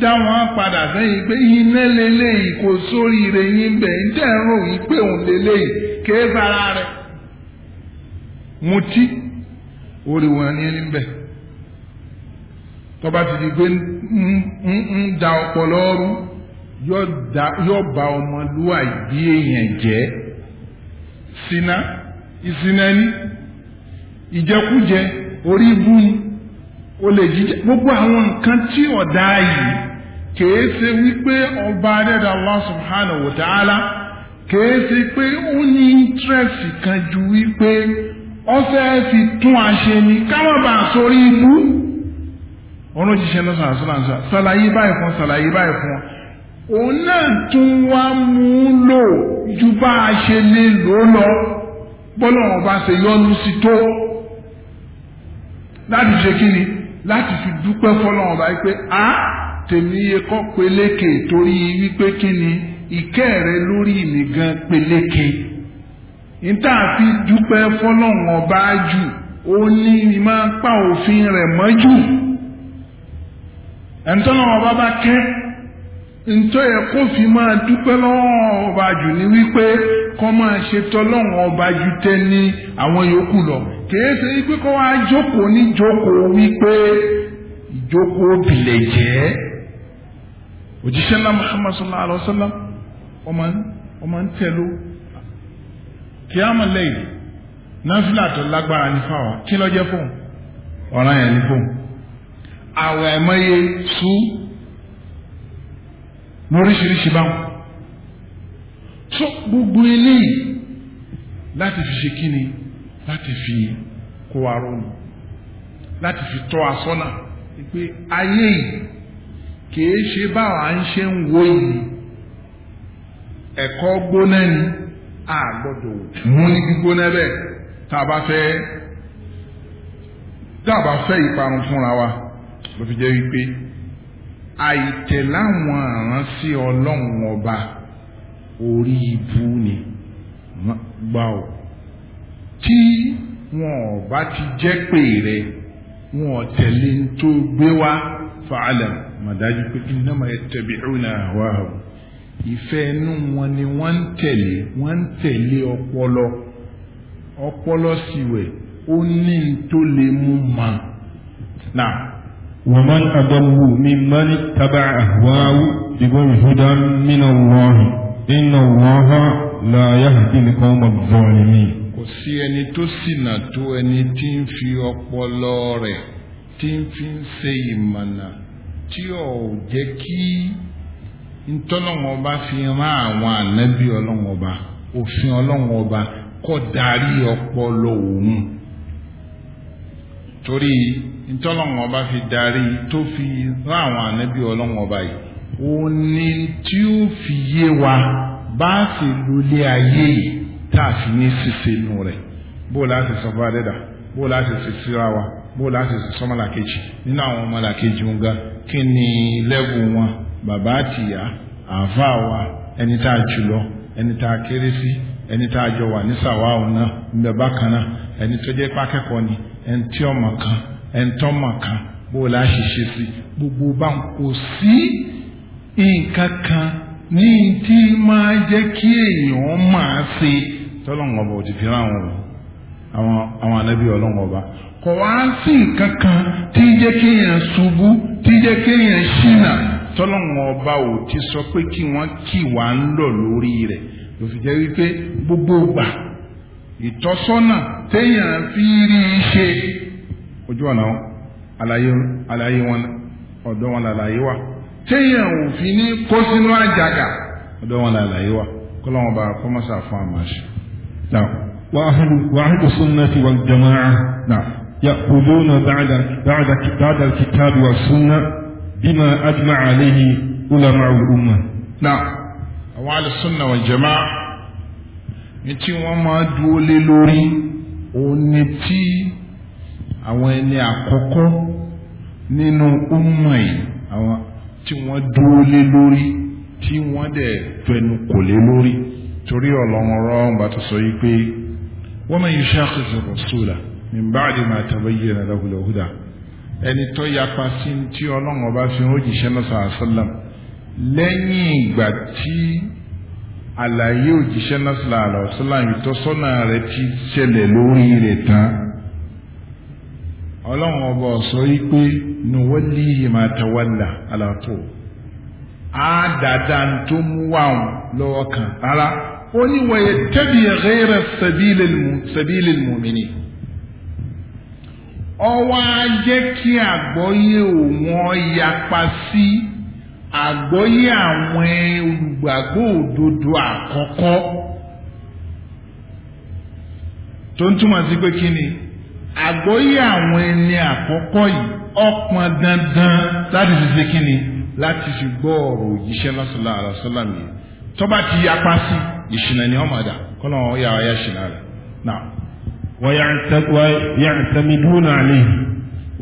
dá wọn padà sẹ́yìn pé iná leléyìí kò sórí ire yín bẹ̀ ń tẹ̀ ń rò yín òun leléyìí kéé fara rẹ̀ mutí orí wọn ní ẹni bẹ̀ tọ́ba ti di pé ń da ọpọlọ ọrú yóò ba èèyàn jẹ́ ìjẹkújẹ orí ibú ni jíjẹ gbogbo àwọn nǹkan kèé ṣe wípé ọba adẹ́dà Allah subhanahu wa ta'ala kèé ṣe pé ó ní íńtírẹ́sì kan ju wípé ó fẹ́ fi tún àṣẹ ni káwọn bá sórí ibú ọ̀run jíṣẹ́ náà sọ̀rọ̀ sọ̀rọ̀ sọ̀rọ̀ ṣàlàyé báyìí fún ṣàlàyé báyìí fún wọn òun náà tún wá mú un lò ju bá a ṣe lè lò ó lọ bọ́lá wọn bá ṣe yọnu sí tó láti ṣe kí ni láti fi dúpẹ́ fọ́lọ́wọn báyìí pé Ah, tèmi yẹ kọ́ peléke torí wípé kí ni ìkẹ́ rẹ lórí mi gan peléke níta fi dúpẹ́ fọlọ́run ọba jù ó ní mi máa ń pa òfin rẹ̀ mọ́ jù ẹ̀ńtọ́nà ọba bá kẹ́ ntọ́ yẹ kó fi máa dúpẹ́ lọ́wọ́ ọba jù ní wípé kọ́ máa ṣe tọ́lọ́run ọba jù tẹ́ni àwọn yòókù lọ kìí ṣe wípé kọ́ wá jókòó ní jókòó wípé ìjókòó bìlẹ̀ jẹ́ òjíṣẹ́ ńlá muhammad sallallahu alayhi wa sallam ọmọ ń tẹ̀lú kíámà lẹ́yìn náfìlà tó lágbára ní fáwọn kí ló jẹ́ fóun ọ̀ràn yẹn ní fóun àwẹ̀ ẹ̀mọ́ye sú lóríṣiríṣi báwọn tó gbogbo eléyìí láti fi ṣe kíni láti fi kó wa ronú láti fi tọ́ asọ́nà pé ayé yìí kìí ṣe báwa ń ṣe ń wo yìí ẹ̀kọ́ gbóná ni a gbọ́dọ̀ mú ní gbígbóná bẹ́ẹ̀ tá a bá fẹ́ tá a bá fẹ́ ìparun fúnra wa ló fi jẹ́ wípé àìtẹ̀láwọn àránsí ọlọ́run ọba orí ibu ni gbà ó tí wọn ò bá ti jẹ́ pé rẹ wọn ò tẹ̀lé ń tó gbé wá fàálẹ̀ màdájú pé innama yattabi'una ahwa'ahum ìfẹ́ inú wọn ni wọ́n ń tẹ̀lé wọ́n ń tẹ̀lé ọpọlọ ọpọlọ síwẹ̀ ó ní tó lè mú ma. náà. wa man adallu mimman ittaba'a ahwa'ahu hudan min Allah inna Allaha la yahdi al-qawma adh-dhalimin. kò sí ẹni tó ṣìnà tó ẹni tí ń fi ọpọlọ rẹ̀ tí ń fi ń ṣe tí ò jẹ́ kí ntọ́lọ́wọ́n ọba fi àwọn ànábì ọlọ́wọ́n òfin ọlọ́wọ́n ọba kọ́ darí ọpọlọ òun torí ntọ́lọ́wọ́n ọba fi darí tó fi àwọn ànábì ọlọ́wọ́n ọba yìí tí ó fi yé wa bá a sì lulẹ̀ ayé yìí tá a fi ní ṣiṣẹ́ inú rẹ̀ bó o láti sọ fún bó o láti ṣe síra wa bó o láti kí ni lẹ́gùn wọn bàbá àtìyá àáfàá wa ẹni tá a jù lọ ẹni tá a kéré sí ẹni tá a jọ wà ní sàwa òun náà ńbẹ bákan náà ẹni tó jẹ́ pákẹ́kọ̀ọ́ ni ẹni tí ọmọ kan ẹni tó mọ̀ kan bó o la ṣiṣẹ́ sí gbogbo bá ń kò sí nǹkan kan ní tí máa jẹ́ kí èèyàn máa ṣe tọ́lọ́wọ́n ọba ti fi ráwọn o àwọn àwọn anábì ọlọ́wọ́n ọba kò wá sí nǹkan kan tí ń jẹ́ kí èèyàn ṣubú jíjẹ́ kéèyàn ṣìnà tọ́lọ́wọ́n ọba ò ti sọ pé kí wọ́n kì wá ń lọ lórí rẹ̀ ló fi jẹ́ wípé gbogbo gbà ìtọ́sọ́nà téèyàn fi rí i ṣe ojú ọ̀nà àlàyé wọn ọ̀dọ́ wọn làlàyé wà téèyàn ò fi ní kó sínú àjàgà ọ̀dọ́ wọn làlàyé wà kọ́lọ́wọ́n ọba kọ́mọ́sà fún àmàṣe. wàhálù sunnati wal jamaa. يقولون بعد بعد بعد الكتاب والسنة بما أجمع عليه علماء الأمة. نعم. àwọn السنة والجماعة. ní tí wọ́n máa dúró lé lórí òun ni tí àwọn ẹni àkọ́kọ́ nínú umma yìí àwọn tí wọ́n dúró lé lórí tí wọ́n dẹ̀ fẹnu kò lé lórí torí ọ̀lọ́wọ́rọ́ ń bá tó sọ yìí pé wa man yushaqiqi rasula min ba'di ma tabayyana lahu al-huda ẹni tó yapa sí tí ọlọ́run ọba fi hàn òjíṣẹ́ náà sàrà sálàm lẹ́yìn ìgbà tí àlàyé òjíṣẹ́ náà sàrà sálàm ìtọ́sọ́nà rẹ̀ ti ṣẹlẹ̀ lórí rẹ̀ tán ọlọ́run ọba ọ̀sọ́ yìí pé nuwallihi ma tawalla ala tu á dáadáa tó mú wàhùn lọ́wọ́ kan rárá ó ní wa yattabi ghayra sabilil mu'minin ọwọ́ á jẹ́ kí àgbọ́yé òun yapa sí àgbọ́yé àwọn olùgbàgbọ́ òdodo àkọ́kọ́ tó ń túmọ̀ sí pé kí ni àgbọ́yé àwọn ẹni àkọ́kọ́ yìí ọ̀pọ̀ dandan láti fi ṣe kí ni láti fi gbọ́ ọ̀rọ̀ òjíṣẹ́ lọ́sọ̀lá àlọ́sọ́lá mi tó bá ti yapa sí ìṣìnà ni ọmọ àdá kọ́nà ọ̀yà ọ̀yà ṣìnà rẹ̀ náà wàyàtàmìdúnà àlè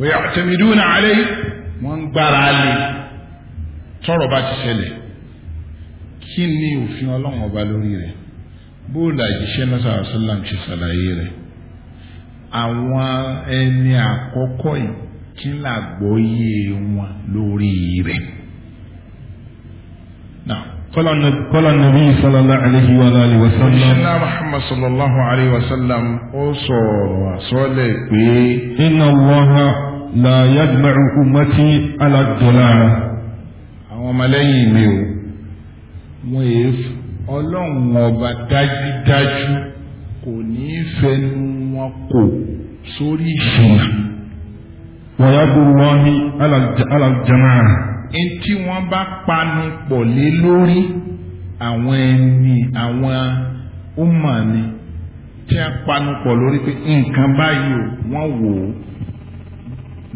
wàyàtàmìdúnà àlè wọ́n ń gbára àlè tọ́rọ̀ bá ti ṣẹlẹ̀ kí ni òfin ọlọ́run ọba lórí rẹ̀ bóòlù àjíṣẹ́ lọ́sàá sọ́làm ṣe ṣàlàyé rẹ̀ àwọn ẹni àkọ́kọ́ yìí kí làgbọ́yé wọn lórí rẹ̀ náà kọ́lá nàbí sallallahu alayhi wa alayhi wa sallam. ṣẹlá muhammad sallallahu alayhi wa sallam ó sọ̀rọ̀ àsọ́lẹ̀ pé. inna Allaha la yajma'u ummati ala ad-dalalah. àwọn ọmọlẹ́yìn mi o wọ́n yé ọlọ́run ọba dájúdájú kò ní í fẹnu wọn kò sórí ìṣúná. wa yadu Allahi ala al-jama'a ntí wọ́n bá panu pọ̀ lé lórí àwọn ẹni àwọn ọmọ ni tí a panu pọ̀ lórí pé nǹkan báyìí o wọ́n wò ó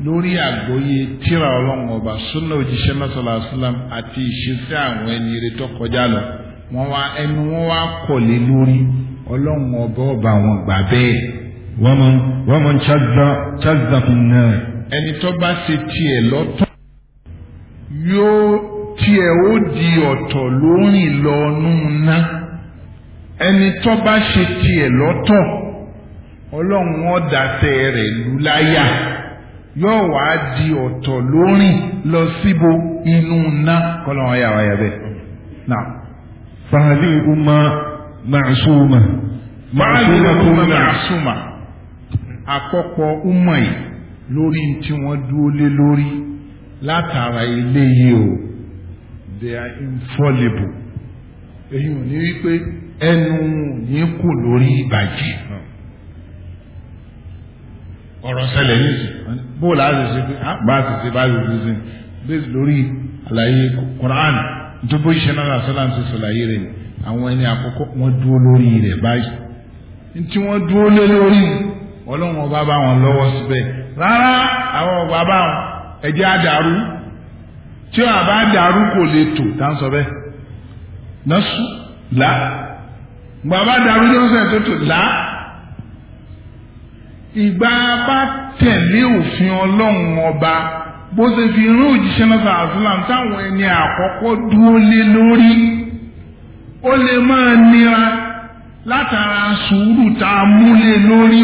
lórí àgbọ́yé tíra ọlọ́run ọba súnà òjíṣẹ́ lọ́sọ̀lá sílám àti ìṣesí àwọn ẹni eré tó kọjá lọ wọ́n wá ẹnu wọ́n wá kọ̀ lé lórí ọlọ́run ọba ọba wọn gbà bẹ́ẹ̀. wọ́n mọ̀ ń ṣáàzà fi náà. ẹni tó bá ṣe tiẹ̀ lọ́tọ̀ yóò tiẹ̀ ó di ọ̀tọ̀ lórí lọ́nù ná ẹni tó bá ṣe tiẹ̀ lọ́tọ̀ ọlọ́run ọ̀dàtẹ̀ rẹ̀ lù láyà yóò wá di ọ̀tọ̀ lórí lọ síbo inú ná kọ́lọ́run ọ̀yà wáyà bẹ́ẹ̀. Naam. umma màṣúmà. Fàhálì umma màṣúmà. Àkọ́pọ̀ umma yìí lórí tí wọ́n dúró lé lórí látara ilé yìí o they are infallible èyí ò ní wípé ẹnu yín kù lórí ìbàjẹ́ ọ̀rọ̀ ṣẹlẹ̀ nísìnyí bóòlù àṣìṣe pé ah, a bá àṣìṣe bá àṣìṣe sí bẹ́ẹ̀ lórí àlàyé Quran dúbò ìṣẹ́nà àṣàlà ń sọ̀rọ̀ àyè rẹ̀ àwọn ẹni àkọ́kọ́ wọn dúró lórí rẹ̀ báyìí ntí wọ́n dúró lé lórí ọlọ́run ọba bá wọn lọ́wọ́ síbẹ̀ rárá àwọn ọba bá wọn ẹ̀jẹ̀ á dàrú tí wọ́n bá dàrú kò lè tò tá ń sọ bẹ́ẹ̀ nọ́ọ̀sù là gbà bá dàrú ní ọ̀sẹ̀ tó tò là ìgbà bá tẹ̀lé òfin ọlọ́run ọba bó ṣe fi irú òjíṣẹ́ náà sọ àṣìláàmù táwọn ẹni àkọ́kọ́ dúró lé lórí ó lè máa nira látara sùúrù tá a múlé lórí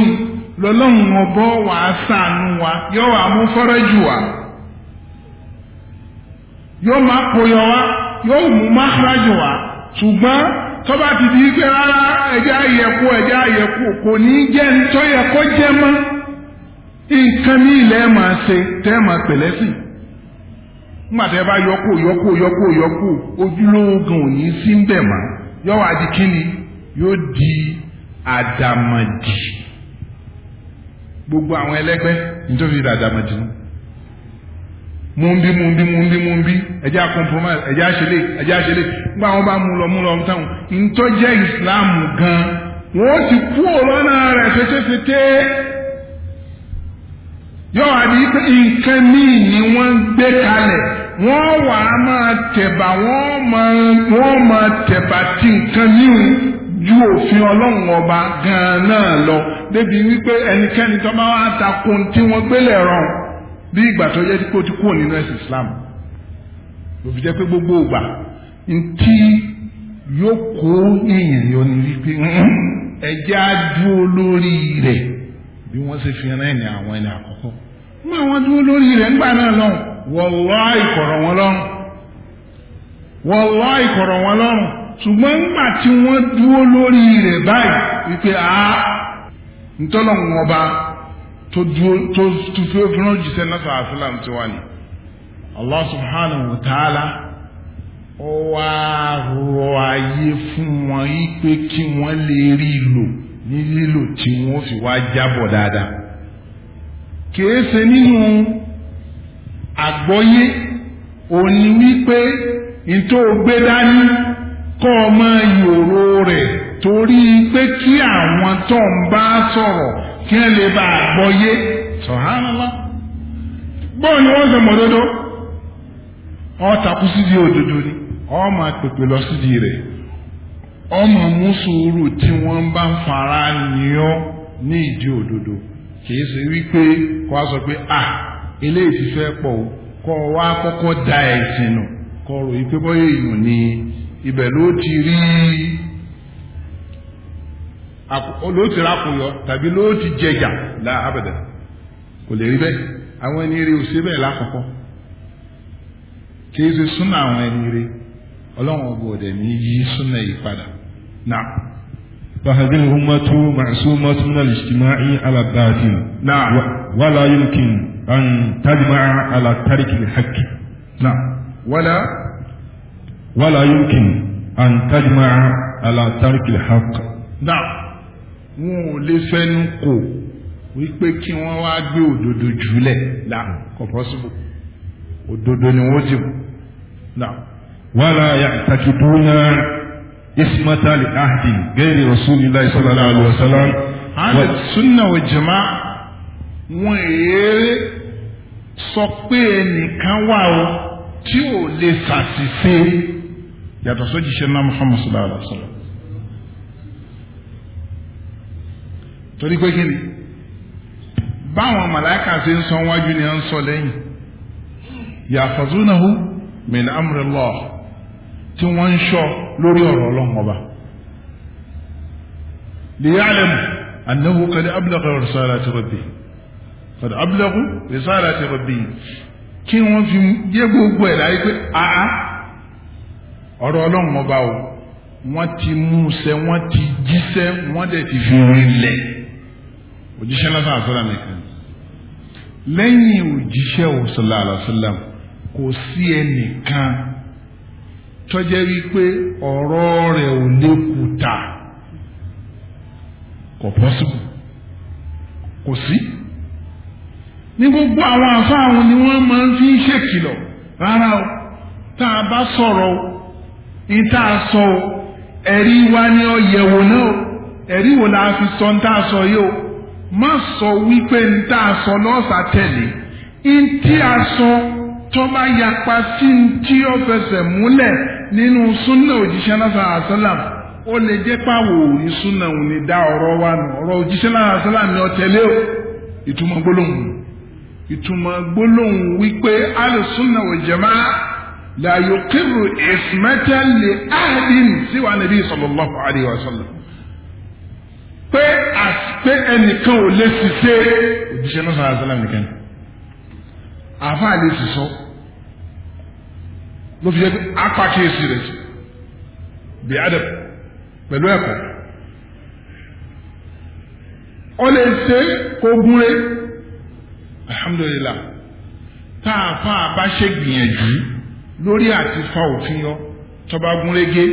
lọ́lọ́run ọba wàá ṣàánú wa yọ wàá mú fọ́rẹ́jù wa. yóò máa kóyọ wá yóò mú mákàrájò wá ṣùgbọ́n tó bá ti di pé rárá ẹja àyẹ̀kú ẹja àyẹ̀kú kò ní jẹ́ tó yẹ kó jẹ́ mọ́ nǹkan ní ilẹ̀ máa ṣe tẹ́ máa pẹ̀lẹ́ sí nígbà tẹ́ bá di kíni gbogbo àwọn ẹlẹ́gbẹ́ nítorí àdàmọ̀dì mú ń bí mú ń bí mú ń bí mú ń bí ẹjẹ́ àcompromise ẹjẹ́ àṣẹlẹ̀ ẹjẹ́ àṣẹlẹ̀ nígbà wọn bá mú lọ mú lọ táwọn ìtọ́jẹ́ Islam gan wọ́n ti kú ọ̀lọ́nà rẹ̀ fetefete yóò wá di pé nǹkan míì ni wọ́n gbé kalẹ̀ wọ́n wà á máa tẹ̀bà wọ́n máa wọ́n máa tẹ̀bà tí nǹkan yíwù ju òfin ọlọ́run ọba gan-an náà lọ débi wípé ẹnikẹ́ni tó bá wá takun tí wọ́n gbélé rọrùn. bí ìgbà tó jẹ́ pé ti kúrò nínú Islam ló fi pé gbogbo ìgbà ntí yóò kó èèyàn yọ ni wípé ẹjẹ́ á lórí rẹ̀ bí wọ́n ṣe fi ẹ̀nì àwọn ẹni àkọ́kọ́ mú lórí náà wọn wọn wọ́n dúró lórí rẹ̀ báyìí a tó dúró tó tó fi fún òjíṣẹ́ náà sàásìlà tí wà ní Allah subhanahu wa ta'ala ó wá rọ ayé fún wọn yí pé kí wọ́n lè rí lò ní lílò tí wọ́n fi wá jábọ̀ dáadáa kìí ṣe nínú àgbọ́yé òní wípé ìtò gbé dání kọ́ ọmọ ìyòrò rẹ̀ torí pé kí àwọn tó ń bá sọ̀rọ̀ kí ẹ lè bá àgbọ́yé sọ̀hánàlá bọ́ọ̀ ni wọ́n ṣe mọ̀ dodo ọ takú di òdodo ni ọ máa pèpè lọ di rẹ ọ máa mú sùúrù tí wọ́n bá ń fara yàn ní ìdí òdodo kìí ṣe wípé kó a sọ pé à eléyìí ti fẹ́ pọ̀ o kó o wá kọ́kọ́ da a rákùnyọ tàbí ló jẹjà la kò lè rí bẹ́ẹ̀ àwọn ẹni rí òsè bẹ́ẹ̀ lákọ̀ọ́kọ́ kì súnà àwọn ẹni rí ọlọ́run ọgbọ̀n ọ̀dẹ̀ ní yí súnà yìí padà náà. فهذه الأمة معصومة من الاجتماع على الباطل نعم ولا يمكن أن تجمع على ترك الحق نعم ولا ولا يمكن أن تجمع على ترك الحق wọn ò lè fẹnu kò wípé kí wọ́n wá gbé òdodo jùlẹ̀ làwọn kò possible òdodo ni wọ́n jù náà. wàhálà yàtàkìdúnà ismata li ahdi gẹ́rì rasulillahi sallallahu alayhi wa sallam. àlẹ́ sunna wa jama'a wọ́n èé sọ pé ẹnìkan wà ó tí ò lè ṣàṣìṣe yàtọ̀ sójì ṣe muhammadu sallallahu alayhi wa sallam. torí pé kíni báwọn màláìka ṣe ń sọ wájú ni à ń sọ lẹ́yìn yàfàzúnahu min amrillah tí wọ́n ń sọ lórí ọ̀rọ̀ ọlọ́run ọba liya'lamu annahu qad ablagha risalati rabbi qad ablagha risalati rabbi kí wọ́n fi jẹ́ gbogbo ẹ̀ láyé pé àá ọ̀rọ̀ ọlọ́run ọba o wọ́n ti mú sẹ́ wọ́n ti jíṣẹ́ wọ́n dẹ̀ ti fi rinlẹ̀ òjíṣẹ́ lọ́sàn àṣọlá nìkan lẹ́yìn òjíṣẹ́ òṣèlú àlọ́sọ́lá kò sí ẹnìkan tọ́jẹ́ wípé ọ̀rọ̀ rẹ̀ ò lékùtà kò pọ́sibù kò sí ní gbogbo àwọn àfáàwọn ni wọ́n máa ń fi ṣèkìlọ̀ rárá o tá a bá sọ̀rọ̀ o ní tá a sọ o ẹ̀rí wa ni ó náà ẹ̀rí wo la fi sọ ní tá a sọ yìí o má sọ wípé ń tá a sọ lọ́sà tẹ̀lé ń tí a sọ tó bá yapa sí ń tí ó fẹsẹ̀ múlẹ̀ nínú súnà òjíṣẹ́ náà sàlá ó lè jẹ́ pàwò ní súnà òun dá ọ̀rọ̀ wa nù ọ̀rọ̀ òjíṣẹ́ náà sàlá ni ọ o ìtumọ̀ gbólóhùn ìtumọ̀ gbólóhùn wípé alùsùnà òjẹ̀má la yuqiru ismata li ahadin siwa nabi sallallahu alayhi wa pé àpé ẹnìkan ò lè ṣiṣẹ́ òjíṣẹ́ náà sọ̀rọ̀ àṣẹlẹ̀ nìkan àfa lè ṣiṣọ́ ló fi jẹ́ pé apákíyèsí rẹ̀ bí adab pẹ̀lú ẹ̀kọ́ ọ lè ṣe kó gúnlé alhamdulilah tá a fa bá ṣe gbìyànjú lórí àti fa òfin yọ tọba gúnlégé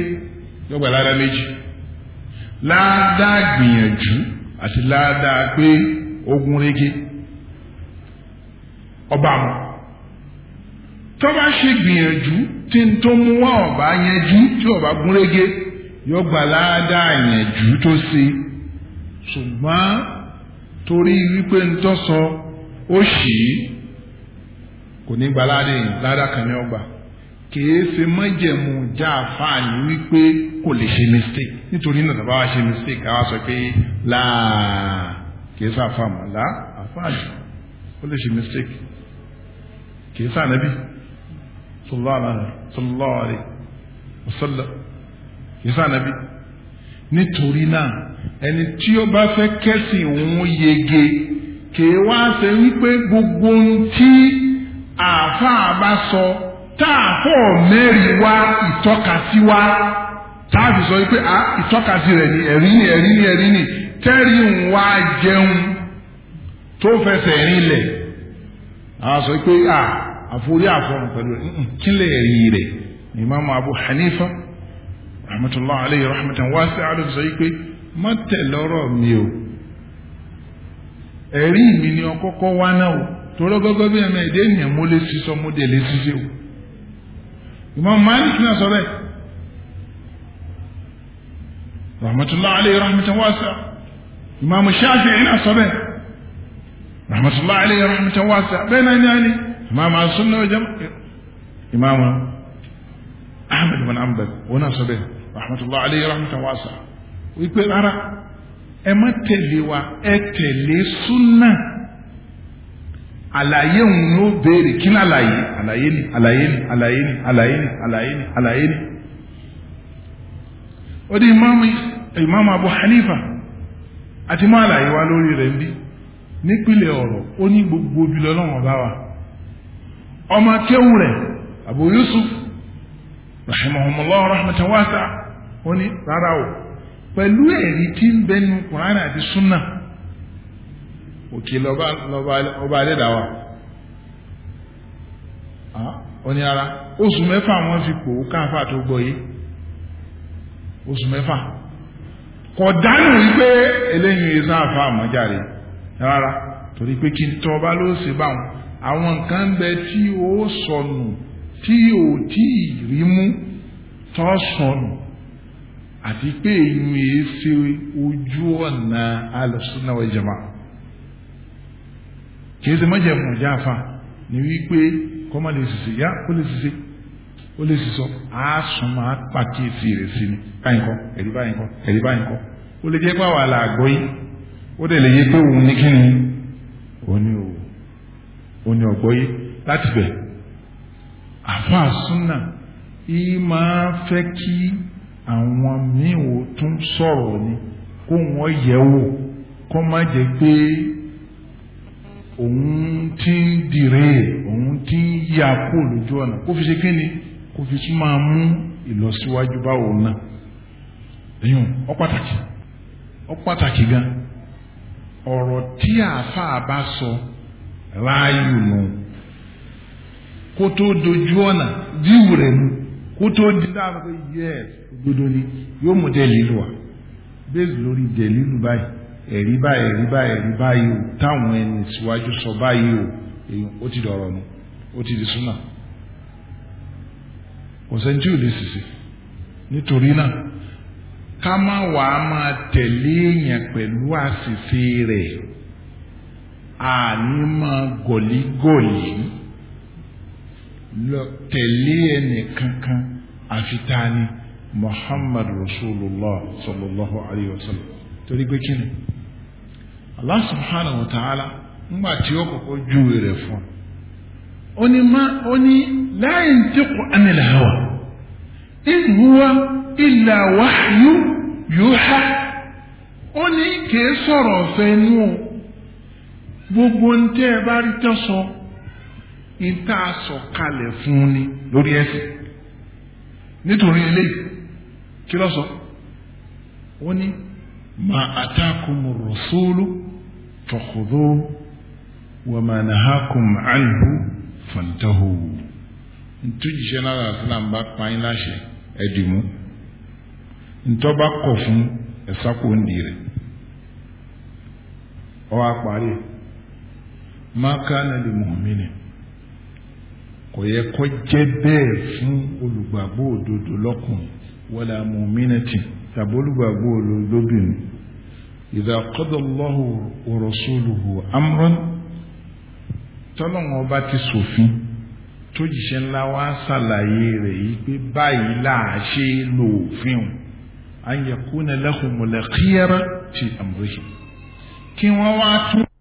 lọgbàlára méjì ládàá gbìyànjú àti ládàá pé ogun rege ọba mọ̀ tó bá ṣe gbìyànjú tí n tó mú wá ọba yẹnjú tí ọba gún rege yóò gbà ládàá yẹnjú tó ṣe ṣùgbọ́n torí wípé n tó sọ ó ṣì í kò ní gbà ládàá yẹn ládàá kan ní ọgbà kìí ṣe mọ́jẹ̀mú já àfààní wípé kò lè ṣe mistake nítorí náà tàbá wa ṣe mistake àwa sọ pé láà kìí ṣe àfààmù là àfààní ó lè ṣe mistake kìí ṣe ànábì sallallahu alaihi kìí ṣe ànábì nítorí náà ẹni tí ó bá fẹ́ kẹ́sìn òun yege kìí wá ṣe wípé gbogbo ohun tí àáfàá sọ. So, tá a fọ mẹ́rin wá ìtọ́kasí wá tá a itokasi sọ ah, ni ẹ̀rí ni ẹ̀rí ni ẹ̀rí ni tẹ́rì ń wá jẹun tó fẹsẹ̀ rinlẹ̀ a sọ pé a ah, àforí àfọrùn pẹ̀lú rẹ̀ kílẹ̀ ẹ̀rí rẹ̀ Abu Hanifa rahmatulah aleyhi rahmatan wasi'a àdó sọ pé má tẹ̀lé ọ̀rọ̀ mi o ẹ̀rí mi ni ọkọ́kọ́ wá náà o torọ́gọ́gọ́ bí ẹ̀mẹ́ ènìyàn sísọ Imam Malik náà sọ bẹ́ẹ̀ rahmatullahi alayhi rahmatan wasi'a Imam Shafi'i náà sọ bẹ́ẹ̀ rahmatullahi alayhi rahmatan wasi'a bẹ́ẹ̀ náà ní Imam as-Sunnah Imam Ahmad bin Hanbal wọn náà sọ bẹ́ẹ̀ rahmatullahi alayhi rahmatan wasi'a wípé rárá ẹ má tẹ̀lé wa ẹ tẹ̀lé súnà àlàyé òun ló béèrè kí ní àlàyé àlàyé ni àlàyé ni àlàyé ni àlàyé ni àlàyé ni àlàyé ni. ó di ìmáàmù ìmáàmù Abu Hanifa àti mú àlàyé wa lórí rẹ̀ ń bí nípìnlẹ̀ ọ̀rọ̀ ó ní gbogbo ibi lọ́lọ́wọ́n bá wa ọmọ kéwù rẹ̀ Abu Yusuf rahimahumullah rahmatan wasa ó ní rárá o pẹ̀lú ẹ̀rí tí ń bẹnu Kùránì àti Sunnah òkè lọ́ba alẹ́dàwà ó ní ara oṣù mẹ́fà wọ́n fi pò ó káàfà tó gbọ́ yé oṣù mẹ́fà kò dánù wípé eléyìí ẹ̀sán àfa àmọ́járe rárá torí pé kí n tọ́ ọba ló ṣe báwọn àwọn nǹkan bẹ tí ó sọnù tí ò tí ì rí mú tọ́ sọnù àti pé èyí ẹ̀ ṣe ojú ọ̀nà alùsùnà wal jamaa kìí ṣe mọ́jẹ̀mú ọ̀já àfa ni wípé kọ́mọ lè ṣiṣe yá ó lè ṣiṣe ó lè ṣiṣọ àásùn máa pàkíyèsí rẹ̀ sí ni báyìí kọ́ ẹ̀rí báyìí kọ́ ẹ̀rí báyìí kọ́ ó lè jẹ́ pé àwọn àlàgbọ́ yìí ó dẹ̀ lè yé pé òun ní kíni òní ò ọ̀gbọ́ yìí láti bẹ̀ àfa àsúnà yìí máa fẹ́ kí àwọn míì ò tún sọ̀rọ̀ ni kó wọ́n yẹ̀ wò kó má jẹ́ pé. òun ti ń dìre òun ti ń yà kó lójú ọ̀nà kó fi ṣe kí ni kó fi tún máa mú ìlọsíwájú bá òun náà ẹ̀yìn ọ pàtàkì ọ pàtàkì gan ọ̀rọ̀ tí àáfàá bá sọ ráàyò nù kó tó dojú ọ̀nà díwù rẹ̀ kó tó ẹ̀rí báyìí ẹ̀rí báyìí ẹ̀rí báyìí o táwọn ẹni síwájú sọ báyìí o ó ti dọ̀rọ̀ nu ó ti di súnà kò ò lè sisi nítorí náà ká má wà á máa tẹ̀lé èèyàn pẹ̀lú àṣìṣe rẹ̀ àní máa gọ̀lígọ̀lí tẹ̀lé ẹnì kankan sallallahu alayhi wa torí pé Allah subhanahu wa ta'ala ńgbà tí ó kọ́kọ́ júwe rẹ̀ fún un ó ní má ó ní la yantiqu anil hawa in huwa illa wahyu yuha ó ní kìí sọ̀rọ̀ ọ̀fẹ́ inú o gbogbo ń tẹ́ ẹ bá rí tẹ́sọ ń tá sọ kalẹ̀ fún ni lórí ẹsẹ̀ nítorí eléyìí kí ló sọ ó ní ma atakumur rasulu. فخذوه وما نهاكم عنه فانتهوا ntújìṣẹ́ náírà sílám bá pààyàn láṣẹ ẹ̀dìmú ntọ́ba kọ̀ fún ẹ̀sákò ńdí rẹ̀ ọwọ́ àparí máa ká nàlẹ́ mọ̀mìnì kò yẹ kó jẹ́ bẹ́ẹ̀ fún olùgbàgbọ́ òdodo lọ́kùnrin wọlé amọ̀mìnì tì tàbí olùgbàgbọ́ òdodo lóbìnrin. إذا قضى الله ورسوله أمرا tọ́lọ́wọ́n ọba ti ṣòfin tó jìṣẹ́ ńlá wa ṣàlàyé rẹ̀ yìí pé báyìí láà ṣe lò òfin o an yakuna lahumul khiyara fi amrihi kí wọ́n wá tún.